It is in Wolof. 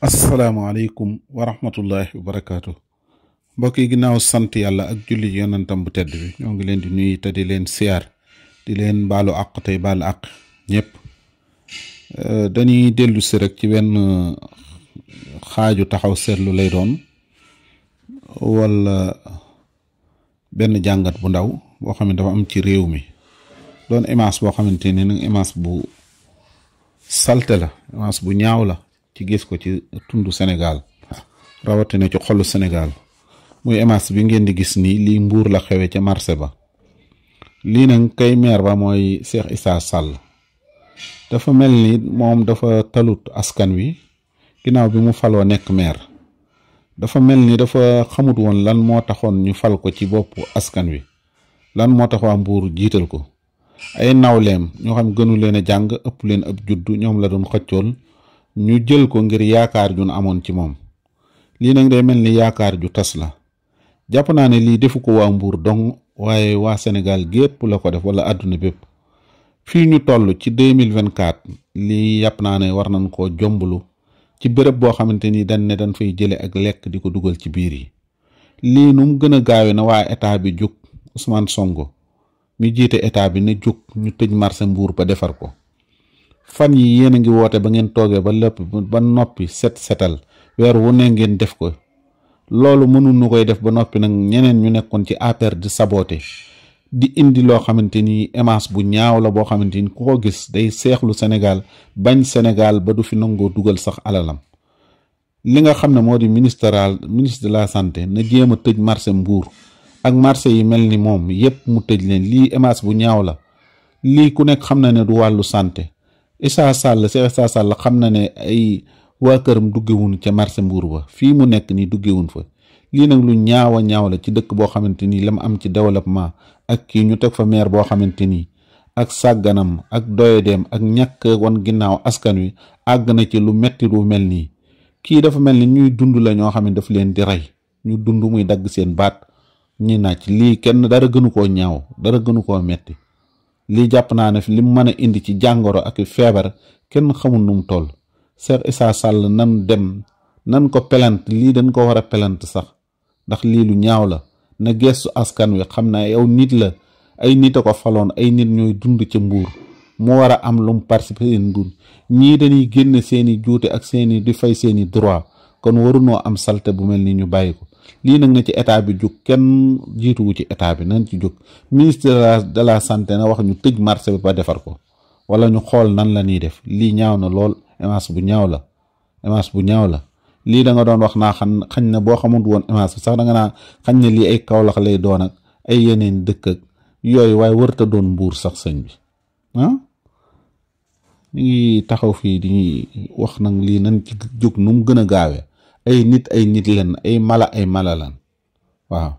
asalaamaaleykum wa rahmatullahi wa barakaatu. mbokk yi ginnaaw sant yàlla ak julli yonentam bu tedd bi ñoo ngi leen di nuy te di leen siyaar di leen baalu àq tey baalu àq ñëpp euh, dañuy dellu si rek ci benn euh, xaaju taxaw seetlu lay doon wala benn jàngat bu ndaw boo xam dafa am ci réew mi doon image boo xamante ne nag image bu salte la image bu ñaaw la ci gis ko ci tundu senegaal rawatina ci xolu senegaal muy émace bi ngeen di gis nii lii mbuur la xewe ca marse ba lii nag kay meer ba mooy Cheikh Issa Sall dafa mel ni moom dafa talut askan wi ginnaaw bi mu faloo nekk meer dafa mel ni dafa xamut woon lan moo taxoon ñu fal ko ci bopp askan wi lan moo tax waa mbuur jiital ko ay nawleem ñoo xam gënu leen jàng ëpp leen ab juddu ñoom la doon xëccool ñu jël ko ngir yaakaar jun amoon ci moom lii nag day mel ni yaakaar ju tas la jàpp naa ne lii defu ko waa Mbuur dong waaye waa Sénégal gépp la ko def wala àdduna bépp fii ñu toll ci deux mille vingt quatre lii yàpp naa ne war nañ koo jomblu ci bërëb boo xamante ni dañ ne dañ fay jële ak lekk di ko dugal ci biir yi lii nu mu gën a gaawe na waa état bi jóg Ousmane songo mi jiite état bi ne jóg ñu tëj marché Mbuur ba defar ko fan yi yéen a ngi woote ba ngeen toogee ba lépp ba noppi set setal weer wu ne ngeen def ko loolu nu koy def ba noppi nag ñeneen ñu nekkoon ci APR di saboote di indi loo xamante ni émence bu ñaaw la boo xamante ni ku ko gis day seexlu Sénégal bañ Sénégal ba du fi nangoo dugal sax alalam li nga xam ne moo di ministéral ministre la santé na jéem a tëj marché mbuur ak marché yi mel ni moom yépp mu tëj leen lii émence bu ñaaw la lii ku nekk xam na ne du wàllu santé Issa Sall si Issa Sall xam na ne ay waa këram duggewuñ ca marché mbuur ba fii mu nekk nii duggewuñ fa lii nag lu ñaawa ñaaw la ci dëkk boo xamante ni la am ci développement ak kii ñu teg fa maire boo xamante ni ak sàgganam ak doyadeem ak ñàkk wan ginnaaw askan wi àgg na ci lu metti lu mel nii kii dafa mel ni ñuy dund la ñoo xam ne daf leen di rey ñu dund muy dagg seen baat ñi naaj lii kenn dara gënu koo ñaaw dara gënu koo metti lii jàpp naa ne li mu mën a indi ci jàngoro ak feebar kenn xamul nu mu toll Cheikh Issa Sall nan dem nan ko pelant lii dañ ko war a pelante sax ndax lii lu ñaaw la na gestu askan wi xam naa yow nit la ay nit a ko faloon ay nit ñooy dund ca mbuur mu war a am lum mu participer seen ñii dañuy génne seeni juute ak seeni di fay seeni droit kon warunoo am salte bu mel ni ñu bàyyi ko lii nag na ci état bi jóg kenn jiituwu ci état bi nañ ci jóg ministre de la de la santé na wax ñu tëj marché bi ba defar ko wala ñu xool nan la ñuy def lii ñaaw na lool image bu ñaaw la image bu ñaaw la lii da nga doon wax naa xam xañ na boo xamut woon image bi sax da nga naa xañ na lii ay kawlax lay doon ak ay yeneen dëkk ak yooyu waaye warta doon mbuur sax sëñ bi ah ngi taxaw fii di wax nag lii nañ ci jóg nu mu gën a gaawee ay nit ay nit lan ay mala ay mala lan waaw